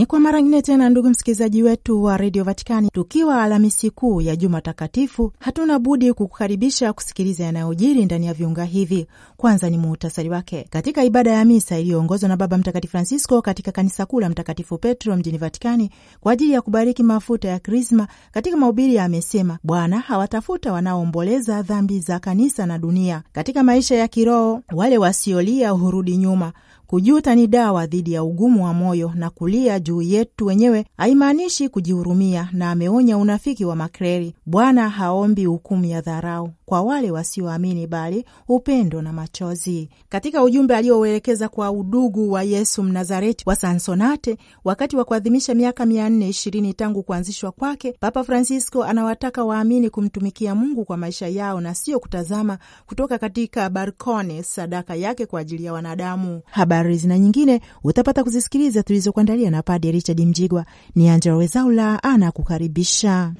Ni kwa mara nyingine tena, ndugu msikilizaji wetu wa redio Vatikani, tukiwa Alhamisi Kuu ya Juma Takatifu, hatuna budi kukukaribisha kusikiliza yanayojiri ndani ya viunga hivi. Kwanza ni muhtasari wake. Katika ibada ya misa iliyoongozwa na Baba Mtakatifu Francisco katika kanisa kuu la Mtakatifu Petro mjini Vatikani kwa ajili ya kubariki mafuta ya Krisma, katika mahubiri amesema Bwana hawatafuta wanaoomboleza dhambi za kanisa na dunia. Katika maisha ya kiroho, wale wasiolia hurudi nyuma Kujuta ni dawa dhidi ya ugumu wa moyo na kulia juu yetu wenyewe haimaanishi kujihurumia, na ameonya unafiki wa makreri. Bwana haombi hukumu ya dharau kwa wale wasioamini, bali upendo na machozi. Katika ujumbe aliouelekeza kwa udugu wa Yesu Mnazareti wa Sansonate wakati wa kuadhimisha miaka mia nne ishirini tangu kuanzishwa kwake, Papa Francisco anawataka waamini kumtumikia Mungu kwa maisha yao na sio kutazama kutoka katika balkone sadaka yake kwa ajili ya wanadamu. Habari zina nyingine utapata kuzisikiliza tulizokuandalia na Padre Richard Mjigwa. Ni Angela Wezaula anakukaribisha.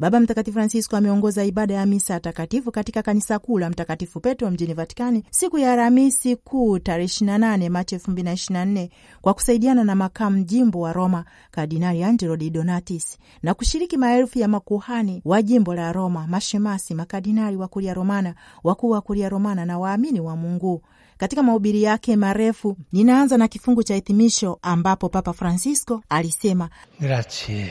Baba Mtakatifu Francisco ameongoza ibada ya misa ya takatifu katika kanisa kuu la Mtakatifu Petro mjini Vatikani siku ya Alhamisi Kuu tarehe 28 Machi 2024 kwa kusaidiana na makamu jimbo wa Roma Kardinali Angelo Di Donatis na kushiriki maelfu ya makuhani wa jimbo la Roma, mashemasi, makardinali wa Kuria Romana, wakuu wa Kuria Romana na waamini wa Mungu. Katika mahubiri yake marefu, ninaanza na kifungu cha hitimisho ambapo Papa Francisco alisema grazie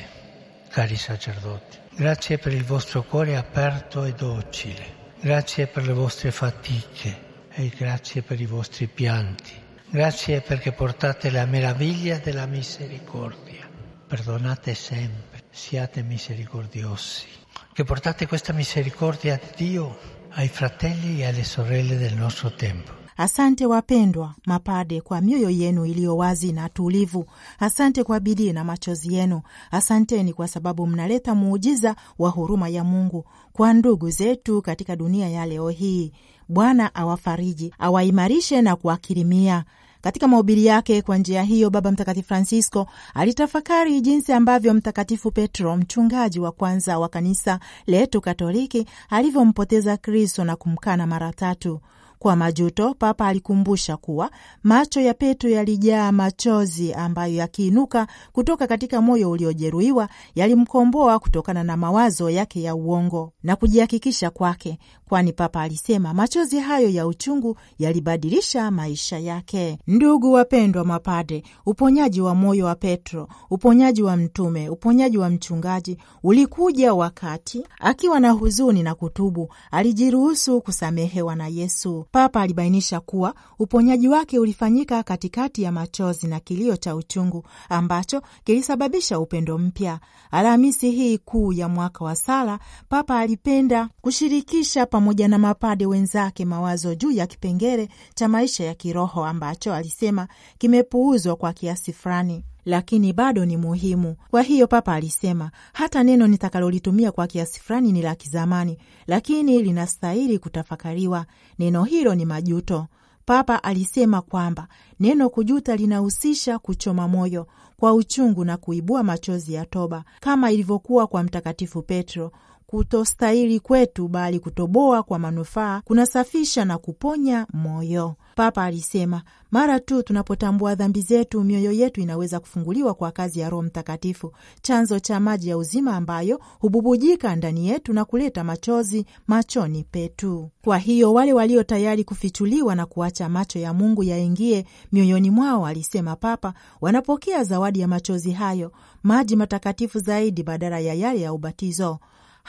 cari sacerdoti Grazie per il vostro cuore aperto e docile. Grazie per le vostre fatiche e grazie per i vostri pianti. Grazie perché portate la meraviglia della misericordia. Perdonate sempre, siate misericordiosi. Che portate questa misericordia a Dio ai fratelli e alle sorelle del nostro tempo. Asante wapendwa mapade kwa mioyo yenu iliyo wazi na tulivu. Asante kwa bidii na machozi yenu. Asanteni kwa sababu mnaleta muujiza wa huruma ya Mungu kwa ndugu zetu katika dunia ya leo hii. Bwana awafariji, awaimarishe na kuwakirimia. Katika mahubiri yake kwa njia hiyo, Baba Mtakatifu Francisco alitafakari jinsi ambavyo Mtakatifu Petro, mchungaji wa kwanza wa kanisa letu Katoliki, alivyompoteza Kristo na kumkana mara tatu. Kwa majuto, Papa alikumbusha kuwa macho ya Petro yalijaa machozi ambayo yakiinuka kutoka katika moyo uliojeruhiwa yalimkomboa kutokana na mawazo yake ya uongo na kujihakikisha kwake, kwani Papa alisema machozi hayo ya uchungu yalibadilisha maisha yake. Ndugu wapendwa mapade, uponyaji wa moyo wa Petro, uponyaji wa mtume, uponyaji wa mchungaji ulikuja wakati akiwa na huzuni na kutubu, alijiruhusu kusamehewa na Yesu. Papa alibainisha kuwa uponyaji wake ulifanyika katikati ya machozi na kilio cha uchungu ambacho kilisababisha upendo mpya. Alhamisi hii kuu ya mwaka wa sala, Papa alipenda kushirikisha pamoja na mapade wenzake mawazo juu ya kipengele cha maisha ya kiroho ambacho alisema kimepuuzwa kwa kiasi fulani lakini bado ni muhimu. Kwa hiyo Papa alisema hata neno nitakalolitumia kwa kiasi fulani ni la kizamani, lakini linastahili kutafakariwa. Neno hilo ni majuto. Papa alisema kwamba neno kujuta linahusisha kuchoma moyo kwa uchungu na kuibua machozi ya toba kama ilivyokuwa kwa Mtakatifu Petro kutostahili kwetu, bali kutoboa kwa manufaa kunasafisha na kuponya moyo. Papa alisema, mara tu tunapotambua dhambi zetu, mioyo yetu inaweza kufunguliwa kwa kazi ya Roho Mtakatifu, chanzo cha maji ya uzima ambayo hububujika ndani yetu na kuleta machozi machoni petu. Kwa hiyo wale walio tayari kufichuliwa na kuacha macho ya Mungu yaingie mioyoni mwao, alisema Papa, wanapokea zawadi ya machozi hayo, maji matakatifu zaidi badala ya yale ya ubatizo.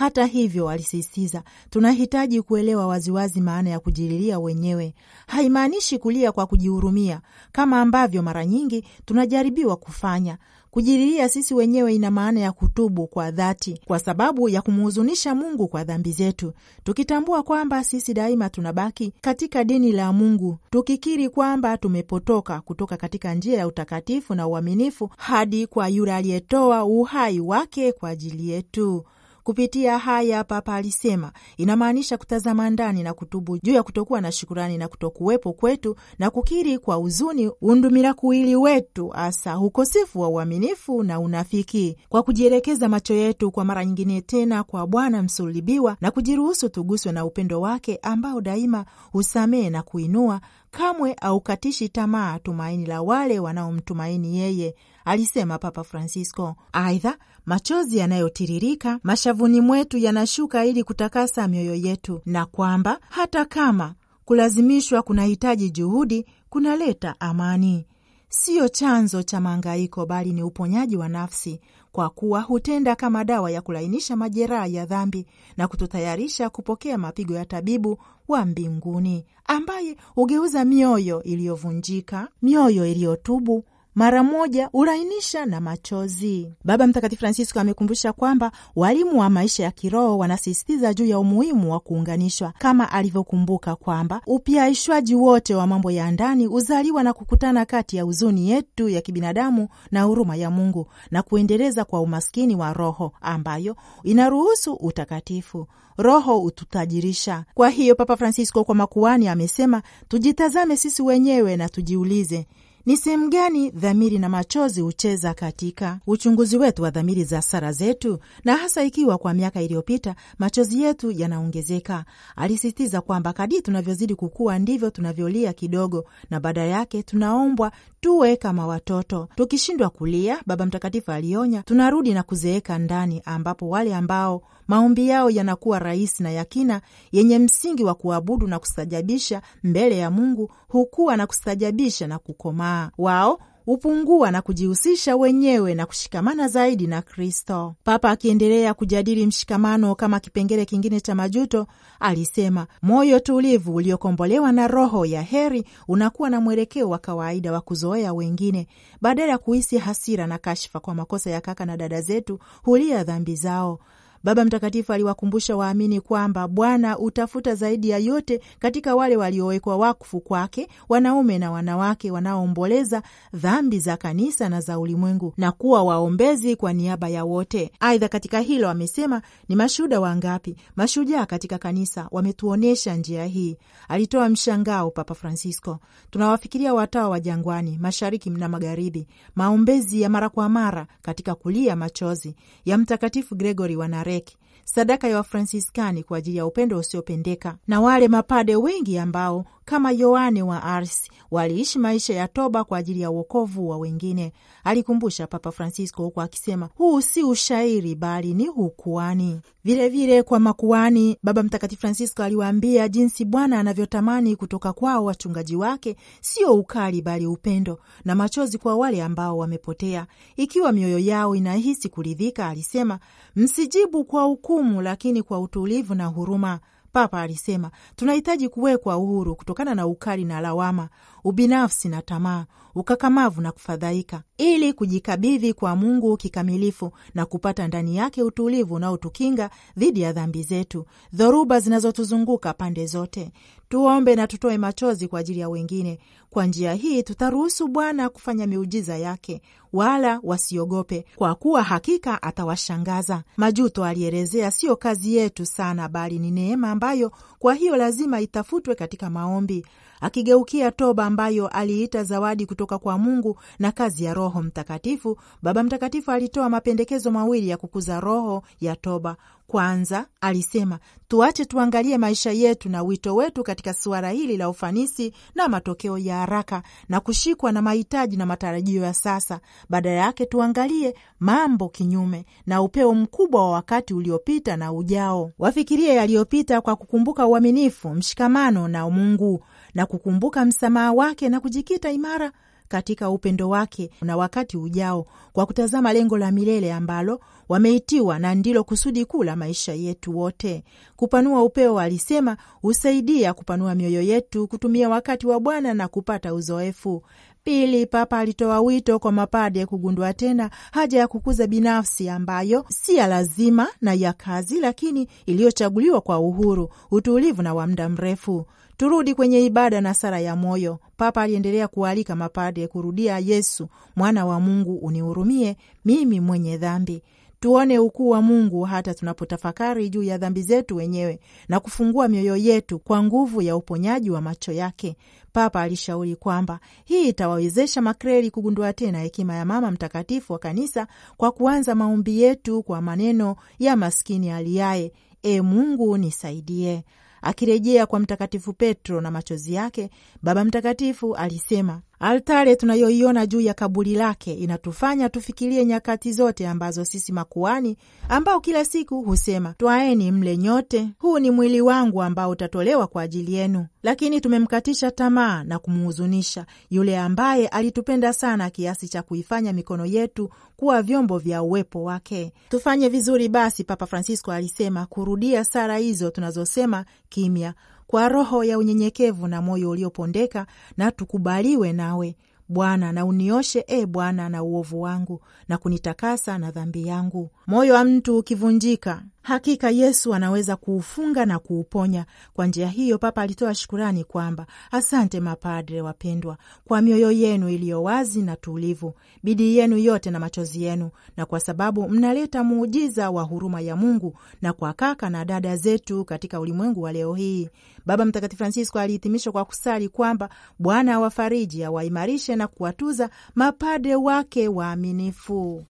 Hata hivyo, alisisitiza, tunahitaji kuelewa waziwazi maana ya kujililia wenyewe. Haimaanishi kulia kwa kujihurumia kama ambavyo mara nyingi tunajaribiwa kufanya. Kujililia sisi wenyewe ina maana ya kutubu kwa dhati kwa sababu ya kumhuzunisha Mungu kwa dhambi zetu, tukitambua kwamba sisi daima tunabaki katika dini la Mungu, tukikiri kwamba tumepotoka kutoka katika njia ya utakatifu na uaminifu hadi kwa yule aliyetoa uhai wake kwa ajili yetu. Kupitia haya Papa alisema inamaanisha kutazama ndani na kutubu juu ya kutokuwa na shukurani na kutokuwepo kwetu na kukiri kwa huzuni undumila kuili wetu, hasa ukosefu wa uaminifu na unafiki, kwa kujielekeza macho yetu kwa mara nyingine tena kwa Bwana msulubiwa na kujiruhusu tuguswe na upendo wake ambao daima husamehe na kuinua, kamwe haukatishi tamaa tumaini la wale wanaomtumaini yeye alisema Papa Francisco. Aidha, machozi yanayotiririka mashavuni mwetu yanashuka ili kutakasa mioyo yetu, na kwamba hata kama kulazimishwa kunahitaji juhudi, kunaleta amani siyo chanzo cha maangaiko bali ni uponyaji wa nafsi, kwa kuwa hutenda kama dawa ya kulainisha majeraha ya dhambi na kututayarisha kupokea mapigo ya tabibu wa mbinguni ambaye hugeuza mioyo iliyovunjika, mioyo iliyotubu mara moja hulainisha na machozi. Baba Mtakatifu Francisco amekumbusha kwamba walimu wa maisha ya kiroho wanasisitiza juu ya umuhimu wa kuunganishwa, kama alivyokumbuka kwamba upiaishwaji wote wa mambo ya ndani huzaliwa na kukutana kati ya huzuni yetu ya kibinadamu na huruma ya Mungu na kuendeleza kwa umaskini wa roho ambayo inaruhusu utakatifu. Roho hututajirisha. Kwa hiyo Papa Francisco kwa makuani amesema, tujitazame sisi wenyewe na tujiulize ni sehemu gani dhamiri na machozi hucheza katika uchunguzi wetu wa dhamiri za sara zetu, na hasa ikiwa kwa miaka iliyopita machozi yetu yanaongezeka? Alisisitiza kwamba kadiri tunavyozidi kukua ndivyo tunavyolia kidogo, na badala yake tunaombwa tuwe kama watoto tukishindwa kulia, Baba Mtakatifu alionya, tunarudi na kuzeeka ndani, ambapo wale ambao maombi yao yanakuwa rahisi na yakina yenye msingi wa kuabudu na kustajabisha mbele ya Mungu hukuwa na kustajabisha na kukomaa. Wao hupungua na kujihusisha wenyewe na kushikamana zaidi na Kristo. Papa akiendelea kujadili mshikamano kama kipengele kingine cha majuto, alisema moyo tulivu uliokombolewa na roho ya heri unakuwa na mwelekeo wa kawaida wa kuzoea wengine badala ya kuhisi hasira na kashfa kwa makosa ya kaka na dada zetu hulia dhambi zao Baba Mtakatifu aliwakumbusha waamini kwamba Bwana utafuta zaidi ya yote katika wale waliowekwa wakfu kwake, wanaume na wanawake wanaoomboleza dhambi za kanisa na za ulimwengu na kuwa waombezi kwa niaba ya wote. Aidha, katika hilo amesema, ni mashuhuda wangapi mashujaa katika kanisa wametuonyesha njia hii. Alitoa mshangao Papa Francisco, tunawafikiria watawa wa jangwani, mashariki na magharibi, maombezi ya mara kwa mara katika kulia machozi ya Mtakatifu Gregory wanare Mashariki, sadaka ya Wafransiskani kwa ajili ya upendo usiopendeka, na wale mapade wengi ambao kama Yoane wa Ars waliishi maisha ya toba kwa ajili ya uokovu wa wengine, alikumbusha Papa Francisco, huku akisema huu si ushairi bali ni hukuani. Vilevile kwa makuani, Baba Mtakatifu Francisco aliwaambia jinsi Bwana anavyotamani kutoka kwao wachungaji wake sio ukali, bali upendo na machozi kwa wale ambao wamepotea. Ikiwa mioyo yao inahisi kuridhika, alisema msijibu kwa hukumu, lakini kwa utulivu na huruma. Papa alisema tunahitaji kuwekwa uhuru kutokana na ukali na lawama ubinafsi na tamaa, ukakamavu na kufadhaika, ili kujikabidhi kwa Mungu kikamilifu na kupata ndani yake utulivu unaotukinga dhidi ya dhambi zetu, dhoruba zinazotuzunguka pande zote. Tuombe na tutoe machozi kwa ajili ya wengine. Kwa njia hii tutaruhusu Bwana kufanya miujiza yake, wala wasiogope, kwa kuwa hakika atawashangaza. Majuto alielezea siyo kazi yetu sana, bali ni neema ambayo kwa hiyo lazima itafutwe katika maombi, akigeukia toba ambayo aliita zawadi kutoka kwa Mungu na kazi ya Roho Mtakatifu, Baba Mtakatifu alitoa mapendekezo mawili ya kukuza roho ya toba. Kwanza alisema tuache tuangalie maisha yetu na wito wetu katika suala hili la ufanisi na matokeo ya haraka na kushikwa na mahitaji na matarajio ya sasa. Badala yake tuangalie mambo kinyume na upeo mkubwa wa wakati uliopita na ujao. Wafikirie yaliyopita kwa kukumbuka uaminifu, mshikamano na Mungu na kukumbuka msamaha wake na kujikita imara katika upendo wake na wakati ujao, kwa kutazama lengo la milele ambalo wameitiwa na ndilo kusudi kuu la maisha yetu wote. Kupanua upeo, alisema, husaidia kupanua mioyo yetu kutumia wakati wa Bwana na kupata uzoefu. Pili, Papa alitoa wito kwa mapade kugundua tena haja ya kukuza binafsi ambayo si ya lazima na ya kazi, lakini iliyochaguliwa kwa uhuru, utulivu na wa muda mrefu turudi kwenye ibada na sala ya moyo. Papa aliendelea kualika mapadre kurudia Yesu mwana wa Mungu, unihurumie mimi mwenye dhambi. Tuone ukuu wa Mungu hata tunapotafakari juu ya dhambi zetu wenyewe na kufungua mioyo yetu kwa nguvu ya uponyaji wa macho yake. Papa alishauri kwamba hii itawawezesha makreli kugundua tena hekima ya Mama Mtakatifu wa Kanisa kwa kuanza maombi yetu kwa maneno ya maskini aliaye, E Mungu nisaidie. Akirejea kwa Mtakatifu Petro na machozi yake, Baba Mtakatifu alisema Altare tunayoiona juu ya kaburi lake inatufanya tufikirie nyakati zote ambazo sisi makuani, ambao kila siku husema twaeni mle nyote, huu ni mwili wangu ambao utatolewa kwa ajili yenu, lakini tumemkatisha tamaa na kumhuzunisha yule ambaye alitupenda sana kiasi cha kuifanya mikono yetu kuwa vyombo vya uwepo wake. Tufanye vizuri basi, Papa Francisco alisema, kurudia sala hizo tunazosema kimya kwa roho ya unyenyekevu na moyo uliopondeka, na tukubaliwe nawe Bwana, na unioshe e Bwana na uovu wangu, na kunitakasa na dhambi yangu. Moyo wa mtu ukivunjika Hakika Yesu anaweza kuufunga na kuuponya. Kwa njia hiyo, Papa alitoa shukurani kwamba asante mapadre wapendwa, kwa mioyo yenu iliyo wazi na tulivu, bidii yenu yote na machozi yenu, na kwa sababu mnaleta muujiza wa huruma ya Mungu na kwa kaka na dada zetu katika ulimwengu wa leo hii. Baba Mtakatifu Francisco alihitimisha kwa kusali kwamba Bwana awafariji, awaimarishe na kuwatuza mapadre wake waaminifu.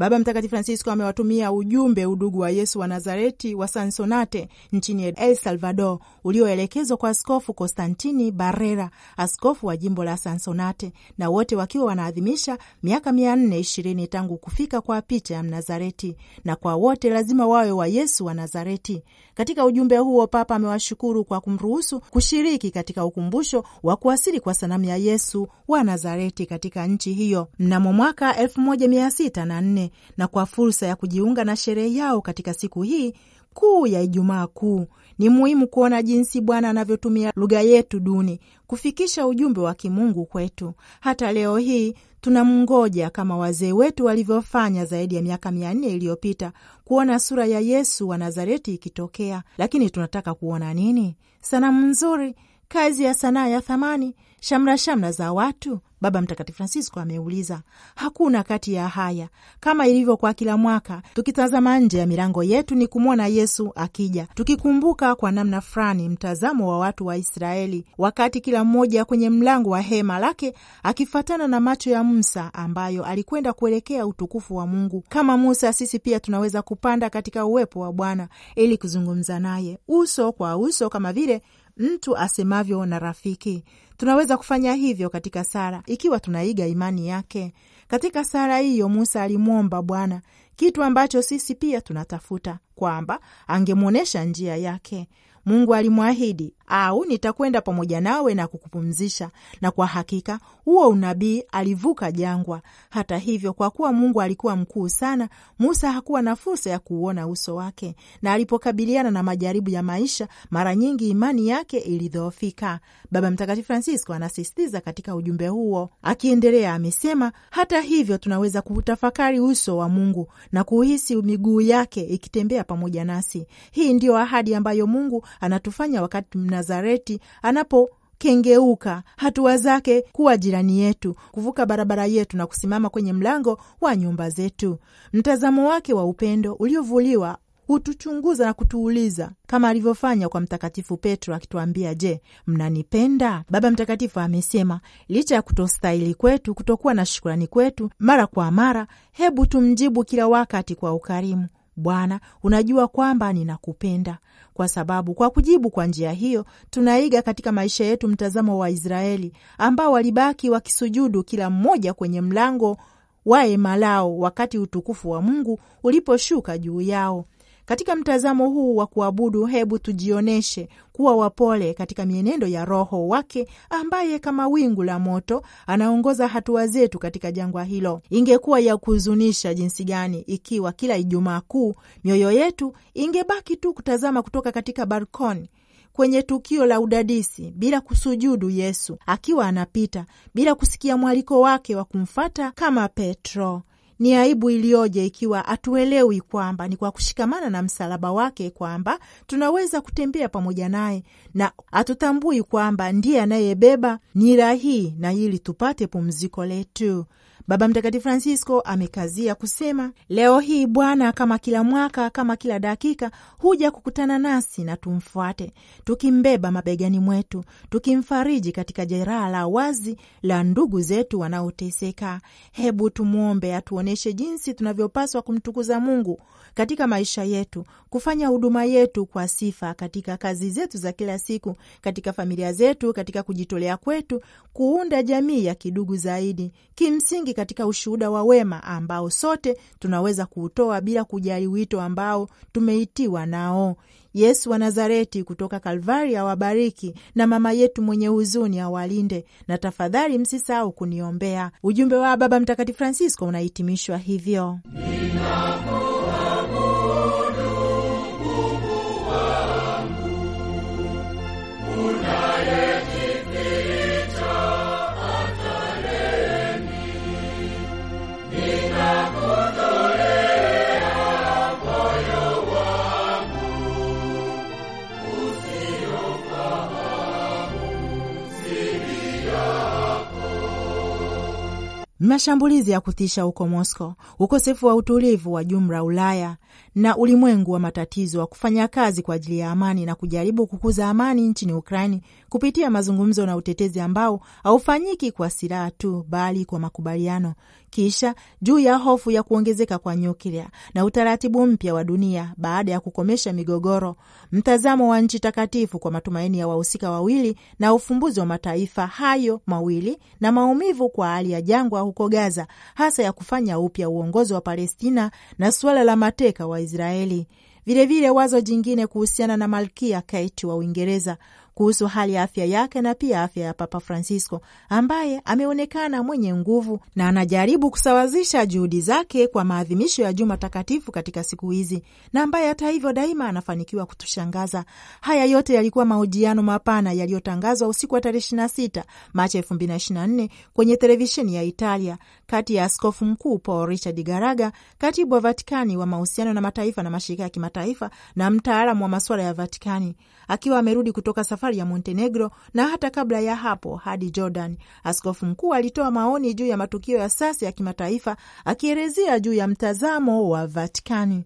Baba Mtakatifu Francisco amewatumia ujumbe udugu wa Yesu wa Nazareti wa Sansonate nchini El Salvador, ulioelekezwa kwa Askofu Konstantini Barrera, askofu wa jimbo la Sansonate, na wote wakiwa wanaadhimisha miaka mia nne ishirini tangu kufika kwa picha ya Mnazareti, na kwa wote lazima wawe wa Yesu wa Nazareti. Katika ujumbe huo, Papa amewashukuru kwa kumruhusu kushiriki katika ukumbusho wa kuasili kwa sanamu ya Yesu wa Nazareti katika nchi hiyo mnamo mwaka elfu moja mia sita na nne na kwa fursa ya kujiunga na sherehe yao katika siku hii kuu ya Ijumaa Kuu. Ni muhimu kuona jinsi Bwana anavyotumia lugha yetu duni kufikisha ujumbe wa kimungu kwetu. Hata leo hii tunamngoja kama wazee wetu walivyofanya zaidi ya miaka mia nne iliyopita kuona sura ya Yesu wa Nazareti ikitokea. Lakini tunataka kuona nini? Sanamu nzuri, kazi ya sanaa ya thamani, shamra shamra za watu Baba Mtakatifu Francisco ameuliza. Hakuna kati ya haya kama ilivyo kwa kila mwaka, tukitazama nje ya milango yetu ni kumwona Yesu akija, tukikumbuka kwa namna fulani mtazamo wa watu wa Israeli, wakati kila mmoja kwenye mlango wa hema lake akifatana na macho ya Musa ambayo alikwenda kuelekea utukufu wa Mungu. Kama Musa, sisi pia tunaweza kupanda katika uwepo wa Bwana ili kuzungumza naye uso kwa uso kama vile mtu asemavyo na rafiki. Tunaweza kufanya hivyo katika sala ikiwa tunaiga imani yake. Katika sala hiyo Musa alimwomba Bwana kitu ambacho sisi pia tunatafuta, kwamba angemwonyesha njia yake. Mungu alimwahidi au nitakwenda pamoja nawe na kukupumzisha, na kwa hakika huo unabii alivuka jangwa. Hata hivyo, kwa kuwa Mungu alikuwa mkuu sana, Musa hakuwa na fursa ya kuuona uso wake, na alipokabiliana na majaribu ya maisha, mara nyingi imani yake ilidhoofika. Baba Mtakatifu Francisco anasisitiza katika ujumbe huo, akiendelea amesema, hata hivyo tunaweza kutafakari uso wa Mungu na kuhisi miguu yake ikitembea pamoja nasi. Hii ndiyo ahadi ambayo Mungu anatufanya wakati Mnazareti anapo kengeuka hatua zake kuwa jirani yetu, kuvuka barabara yetu na kusimama kwenye mlango wa nyumba zetu. Mtazamo wake wa upendo uliovuliwa hutuchunguza na kutuuliza kama alivyofanya kwa Mtakatifu Petro akituambia, je, mnanipenda? Baba Mtakatifu amesema licha ya kutostahili kwetu, kutokuwa na shukurani kwetu mara kwa mara, hebu tumjibu kila wakati kwa ukarimu, Bwana, unajua kwamba ninakupenda. Kwa sababu kwa kujibu kwa njia hiyo tunaiga katika maisha yetu mtazamo wa israeli ambao walibaki wakisujudu kila mmoja kwenye mlango wa hema lao wakati utukufu wa Mungu uliposhuka juu yao. Katika mtazamo huu wa kuabudu, hebu tujionyeshe kuwa wapole katika mienendo ya Roho wake ambaye kama wingu la moto anaongoza hatua zetu katika jangwa hilo. Ingekuwa ya kuhuzunisha jinsi gani ikiwa kila Ijumaa Kuu mioyo yetu ingebaki tu kutazama kutoka katika balkoni kwenye tukio la udadisi bila kusujudu Yesu akiwa anapita, bila kusikia mwaliko wake wa kumfata kama Petro. Ni aibu iliyoje ikiwa hatuelewi kwamba ni kwa kushikamana na msalaba wake kwamba tunaweza kutembea pamoja naye, na hatutambui kwamba ndiye anayebeba nira hii na ili tupate pumziko letu. Baba Mtakatifu Francisco amekazia kusema, leo hii Bwana kama kila mwaka, kama kila dakika huja kukutana nasi, na tumfuate tukimbeba mabegani mwetu, tukimfariji katika jeraha la wazi la ndugu zetu wanaoteseka. Hebu tumwombe atuonyeshe jinsi tunavyopaswa kumtukuza Mungu katika maisha yetu, kufanya huduma yetu kwa sifa, katika kazi zetu za kila siku, katika familia zetu, katika kujitolea kwetu kuunda jamii ya kidugu zaidi kimsingi kushiriki katika ushuhuda wa wema ambao sote tunaweza kuutoa bila kujali wito ambao tumeitiwa nao. Yesu wa Nazareti kutoka Kalvari awabariki na mama yetu mwenye huzuni awalinde, na tafadhali msisahau kuniombea. Ujumbe wa Baba Mtakatifu Francisco unahitimishwa hivyo Inamu. Mashambulizi ya kutisha huko mosco ukosefu wa utulivu wa jumla Ulaya na ulimwengu wa matatizo wa kufanya kazi kwa ajili ya amani na kujaribu kukuza amani nchini Ukraini kupitia mazungumzo na utetezi ambao haufanyiki kwa silaha tu, bali kwa makubaliano kisha juu ya hofu ya kuongezeka kwa nyuklia na utaratibu mpya wa dunia baada ya kukomesha migogoro, mtazamo wa nchi takatifu kwa matumaini ya wahusika wawili na ufumbuzi wa mataifa hayo mawili, na maumivu kwa hali ya jangwa huko Gaza, hasa ya kufanya upya uongozi wa Palestina na suala la mateka wa Israeli. Vilevile, wazo jingine kuhusiana na Malkia Kate wa Uingereza kuhusu hali ya afya yake na pia afya ya Papa Francisco ambaye ameonekana mwenye nguvu na anajaribu kusawazisha juhudi zake kwa maadhimisho ya Juma Takatifu katika siku hizi na ambaye hata hivyo daima anafanikiwa kutushangaza. Haya yote yalikuwa mahojiano mapana yaliyotangazwa usiku wa tarehe 26 Machi 2024 kwenye televisheni ya Italia kati ya Askofu Mkuu Paul Richard Garaga, katibu wa Vatikani wa mahusiano na mataifa na mashirika ya kimataifa na mtaalamu wa masuala ya Vatikani, akiwa amerudi kutoka safari Bulgaria, ya Montenegro na hata kabla ya hapo hadi Jordan. Askofu mkuu alitoa maoni juu ya matukio ya sasa ya kimataifa akielezea juu ya mtazamo wa Vatikani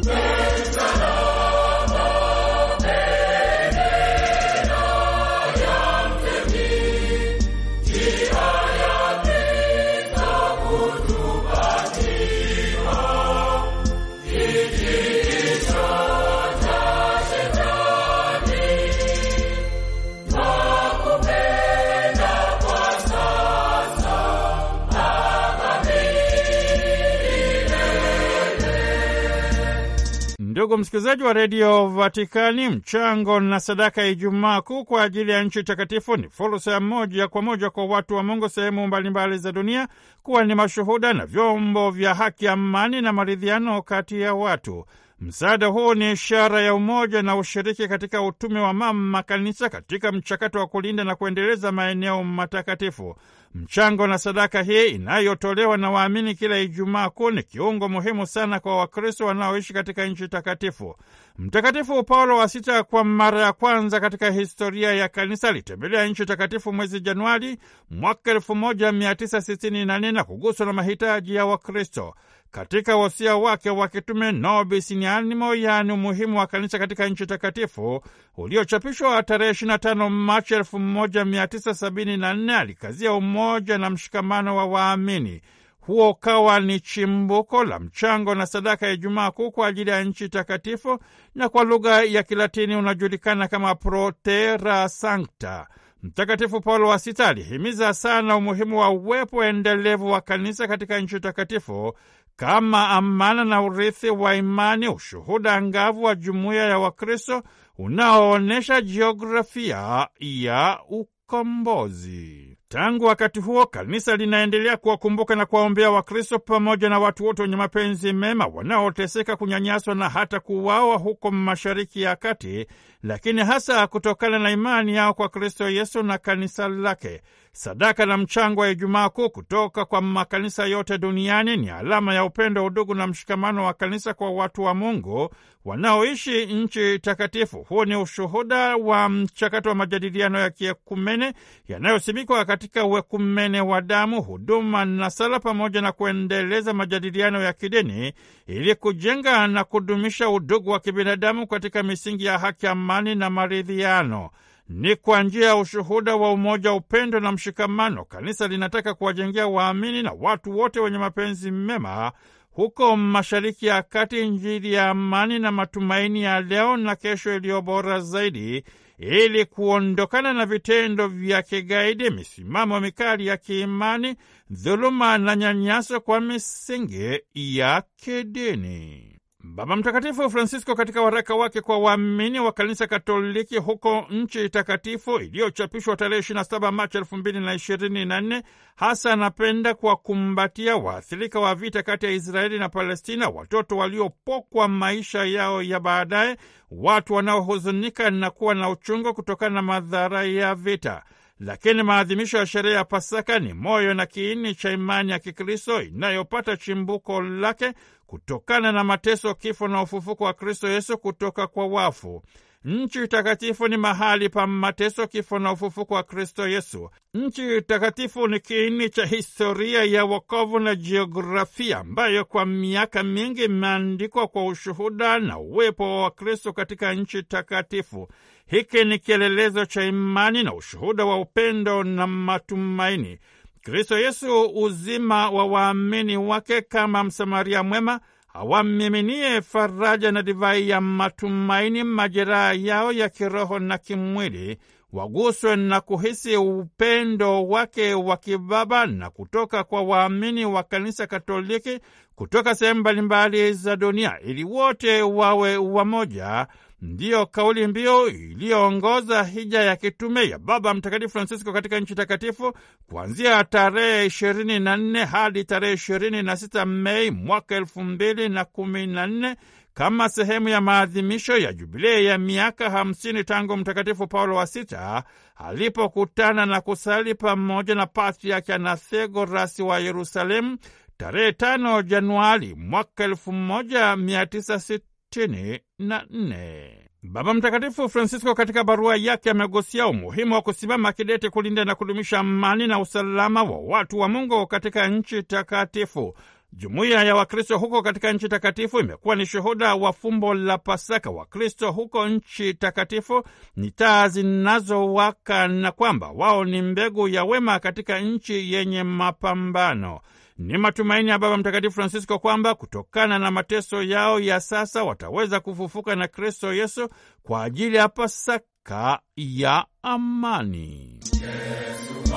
Ndugu msikilizaji wa redio Vatikani, mchango na sadaka ya Ijumaa Kuu kwa ajili ya nchi takatifu ni fursa ya moja kwa moja kwa watu wa Mungu sehemu mbalimbali za dunia kuwa ni mashuhuda na vyombo vya haki, amani na maridhiano kati ya watu. Msaada huu ni ishara ya umoja na ushiriki katika utume wa mama kanisa katika mchakato wa kulinda na kuendeleza maeneo matakatifu. Mchango na sadaka hii inayotolewa na waamini kila Ijumaa Kuu ni kiungo muhimu sana kwa Wakristo wanaoishi katika nchi takatifu. Mtakatifu Paulo wa Sita kwa mara ya kwanza katika historia ya kanisa alitembelea nchi takatifu mwezi Januari mwaka 1964 na kuguswa na mahitaji ya Wakristo. Katika wasia wake wa kitume Nobis in Animo, yaani umuhimu wa kanisa katika nchi takatifu, uliochapishwa tarehe 25 Machi 1974, alikazia umoja na mshikamano wa waamini. Huo ukawa ni chimbuko la mchango na sadaka ya Ijumaa Kuu kwa ajili ya nchi takatifu, na kwa lugha ya Kilatini unajulikana kama Protera Sancta. Mtakatifu Paulo wa Sita alihimiza sana umuhimu wa uwepo endelevu wa kanisa katika nchi takatifu kama amana na urithi wa imani, ushuhuda angavu wa jumuiya ya Wakristo unaoonyesha jiografia ya ukombozi. Tangu wakati huo kanisa linaendelea kuwakumbuka na kuwaombea Wakristo pamoja na watu wote wenye mapenzi mema wanaoteseka, kunyanyaswa na hata kuuawa huko Mashariki ya Kati, lakini hasa kutokana na imani yao kwa Kristo Yesu na kanisa lake. Sadaka na mchango wa Ijumaa Kuu kutoka kwa makanisa yote duniani ni alama ya upendo, udugu na mshikamano wa kanisa kwa watu wa Mungu wanaoishi nchi takatifu. Huu ni ushuhuda wa mchakato wa majadiliano ya kiekumene yanayosimikwa katika uekumene wa damu, huduma na sala, pamoja na kuendeleza majadiliano ya kidini ili kujenga na kudumisha udugu wa kibinadamu katika misingi ya haki, amani na maridhiano. Ni kwa njia ya ushuhuda wa umoja, upendo na mshikamano, kanisa linataka kuwajengea waamini na watu wote wenye mapenzi mema huko Mashariki ya Kati Injili ya amani na matumaini ya leo na kesho iliyo bora zaidi, ili kuondokana na vitendo vya kigaidi, misimamo mikali ya kiimani, dhuluma na nyanyaso kwa misingi ya kidini. Baba Mtakatifu Francisco katika waraka wake kwa waamini wa kanisa Katoliki huko nchi takatifu iliyochapishwa tarehe 27 Machi 2024 hasa anapenda kuwakumbatia waathirika wa vita kati ya Israeli na Palestina, watoto waliopokwa maisha yao ya baadaye, watu wanaohuzunika na kuwa na uchungu kutokana na madhara ya vita lakini maadhimisho ya sherehe ya Pasaka ni moyo na kiini cha imani ya Kikristo inayopata chimbuko lake kutokana na mateso, kifo na ufufuko wa Kristo Yesu kutoka kwa wafu. Nchi takatifu ni mahali pa mateso, kifo na ufufuko wa Kristo Yesu. Nchi takatifu ni kiini cha historia ya wokovu na jiografia ambayo kwa miaka mingi imeandikwa kwa ushuhuda na uwepo wa Wakristo katika nchi takatifu. Hiki ni kielelezo cha imani na ushuhuda wa upendo na matumaini. Kristo Yesu, uzima wa waamini wake, kama Msamaria mwema, awamiminie faraja na divai ya matumaini majeraha yao ya kiroho na kimwili, waguswe na kuhisi upendo wake wa kibaba na kutoka kwa waamini wa Kanisa Katoliki kutoka sehemu mbalimbali za dunia, ili wote wawe wamoja ndiyo kauli mbiu iliyoongoza hija ya kitume ya Baba Mtakatifu Francisco katika nchi takatifu kuanzia tarehe ishirini na nne hadi tarehe ishirini na sita Mei mwaka elfu mbili na kumi na nne kama sehemu ya maadhimisho ya jubilei ya miaka hamsini tangu Mtakatifu Paulo wa Sita alipokutana na kusali pamoja na Patriaki Anathegorasi wa Yerusalemu tarehe tano Januari mwaka elfu moja mia tisa sitini sitini na nne. Baba Mtakatifu Francisco katika barua yake amegusia umuhimu wa kusimama kidete kulinda na kudumisha amani na usalama wa watu wa Mungu katika nchi takatifu. Jumuiya ya Wakristo huko katika nchi takatifu imekuwa ni shuhuda wa fumbo la Pasaka. Wakristo huko nchi takatifu ni taa zinazowaka na kwamba wao ni mbegu ya wema katika nchi yenye mapambano. Ni matumaini ya Baba Mtakatifu Francisco kwamba kutokana na mateso yao ya sasa wataweza kufufuka na Kristo Yesu kwa ajili ya Pasaka ya amani Yesu,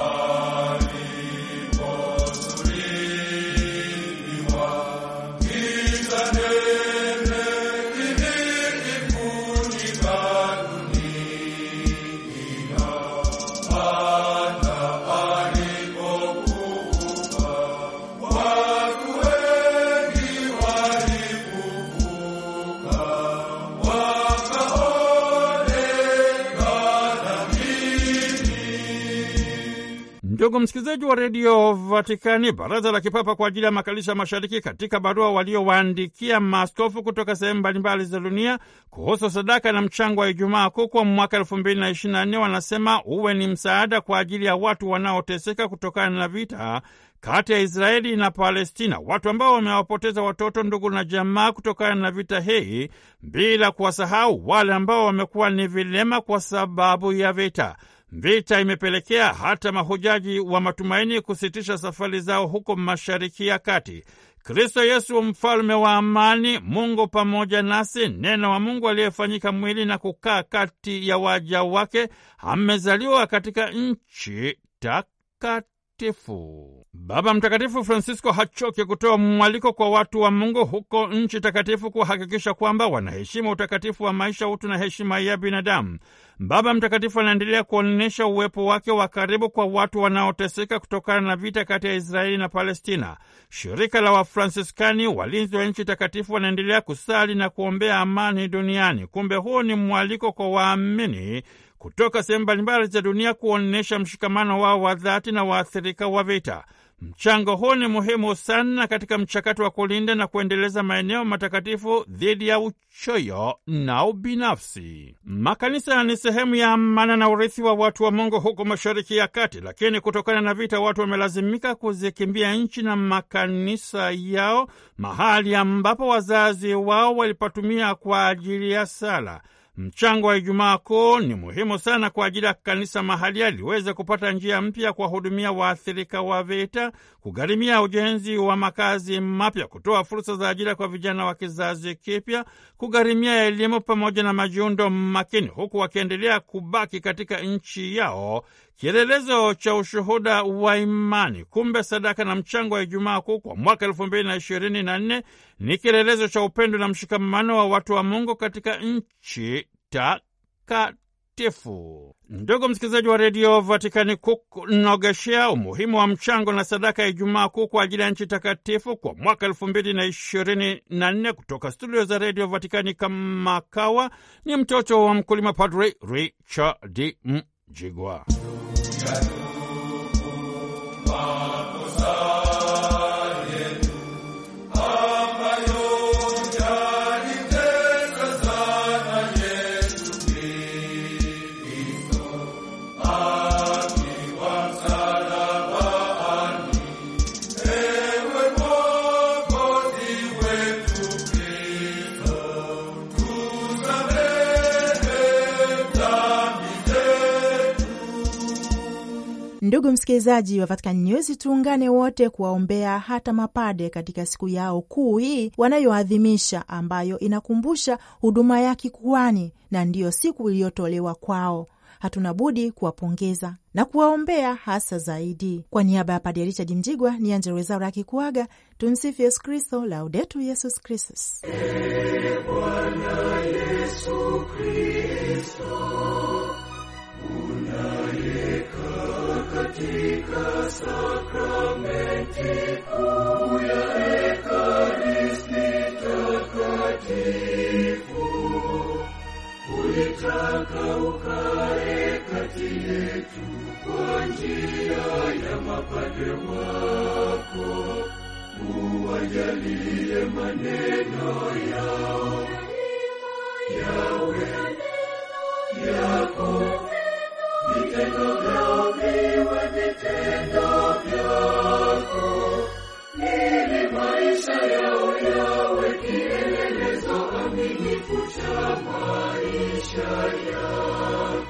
Ndugu msikilizaji wa redio Vatikani, baraza la kipapa kwa ajili ya makanisa mashariki katika barua waliowaandikia maaskofu kutoka sehemu mbalimbali za dunia kuhusu sadaka na mchango wa Ijumaa Kuu kwa mwaka elfu mbili na ishirini na nne wanasema uwe ni msaada kwa ajili ya watu wanaoteseka kutokana na vita kati ya Israeli na Palestina, watu ambao wamewapoteza watoto, ndugu na jamaa kutokana na vita hii, bila kuwasahau wale ambao wamekuwa ni vilema kwa sababu ya vita. Vita imepelekea hata mahujaji wa matumaini kusitisha safari zao huko Mashariki ya Kati. Kristo Yesu, mfalme wa amani, Mungu pamoja nasi, neno wa Mungu aliyefanyika mwili na kukaa kati ya waja wake, amezaliwa katika nchi takatifu. Mtakatifu. Baba Mtakatifu Francisco hachoki kutoa mwaliko kwa watu wa Mungu huko nchi takatifu kuhakikisha kwamba wanaheshima utakatifu wa maisha, utu na heshima ya binadamu. Baba Mtakatifu anaendelea kuonyesha uwepo wake wa karibu kwa watu wanaoteseka kutokana na vita kati ya Israeli na Palestina. Shirika la Wafransiskani, walinzi wa nchi takatifu, wanaendelea kusali na kuombea amani duniani. Kumbe huo ni mwaliko kwa waamini kutoka sehemu mbalimbali za dunia kuonyesha mshikamano wao wa dhati na waathirika wa vita. Mchango huu ni muhimu sana katika mchakato wa kulinda na kuendeleza maeneo matakatifu dhidi ya uchoyo na ubinafsi. Makanisa ni sehemu ya amana na urithi wa watu wa Mungu huko Mashariki ya Kati, lakini kutokana na vita watu wamelazimika kuzikimbia nchi na makanisa yao, mahali ambapo wazazi wao walipatumia kwa ajili ya sala. Mchango wa Ijumaa Kuu ni muhimu sana kwa ajili ya kanisa mahalia liweze kupata njia mpya kuwahudumia waathirika wa vita, kugharimia ujenzi wa makazi mapya, kutoa fursa za ajira kwa vijana wa kizazi kipya, kugharimia elimu pamoja na majiundo makini, huku wakiendelea kubaki katika nchi yao kielelezo cha ushuhuda wa imani. Kumbe sadaka na mchango wa Ijumaa Kuu kwa mwaka elfu mbili na ishirini na nne ni kielelezo cha upendo na mshikamano wa watu wa Mungu katika nchi takatifu. Ndugu msikilizaji wa redio Vatikani, kunogeshea umuhimu wa mchango na sadaka ya Ijumaa Kuu kwa ajili ya nchi takatifu kwa mwaka elfu mbili na ishirini na nne kutoka studio za redio Vatikani, kama kawa ni mtoto wa mkulima, Padri Richard Digua. msikilizaji wa Vatican News, tuungane wote kuwaombea hata mapade katika siku yao kuu hii wanayoadhimisha, ambayo inakumbusha huduma ya kikuani na ndiyo siku iliyotolewa kwao. Hatuna budi kuwapongeza na kuwaombea hasa zaidi. Kwa niaba ya Padre Richard Mjigwa ni Anjerwezaura akikuaga. Tumsifu Yesu Kristo, laudetu Yesus Kristus. Ee Tătică sacramenticuia Ecaristită Tăticu, uitată-o care Tătie tu Pangia yama pade wako Uwajalie maneno yao Yawe yako Jaya